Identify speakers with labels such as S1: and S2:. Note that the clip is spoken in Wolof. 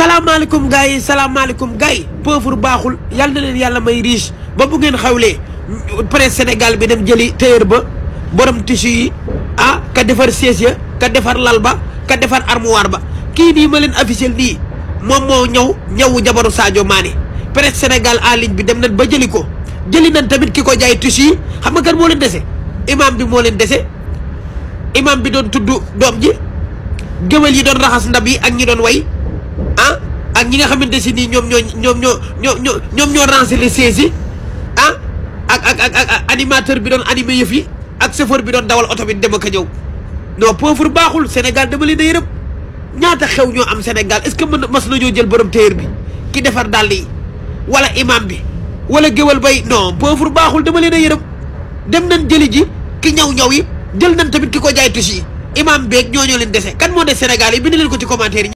S1: salaamaaleykum gars yi salaamaaleykum gars yi pauvre baaxul yal na leen yàlla may riche ba bu ngeen xawlee presse Sénégal bi dem jëli téer ba borom tissu yi a ah, ka defar siège ya ka defar lal ba ka defar armoire ba kii nii ma leen officiel nii moom moo ñëw ñëwu jabaru Sadio maani presse Sénégal en ligne bi dem nañ ba jëli ko jëli nañ tamit ki ko jaay tissu yi xam kër moo leen dese imam bi moo leen dese imam bi doon tudd doom ji géwél yi doon raxas ndab yi ak ñi doon way ak ñi nga xamante si nii ñoom ñoo ñoom ñoo ñoo ñoo ñoom ñoo rancé saisi ah ak ak ak ak animateur bi doon animé yëf yi ak chauffeur bi doon dawal oto bi dem ak a ñëw non pauvre baaxul Sénégal dama leen a yërëm ñaata xew ñoo am Sénégal est-ce que mën mas nañoo jël borom téer bi ki defar dàll yi wala imam bi wala géwal bay non pauvre baaxul dama leen a yërëm dem nañ jëli ji ki ñaw ñaw yi jël nañ tamit ki ko jaay tus yi imam beeg ñoo ñoo leen dese kan moo des Sénégal yi bind
S2: leen ko ci commentaire yi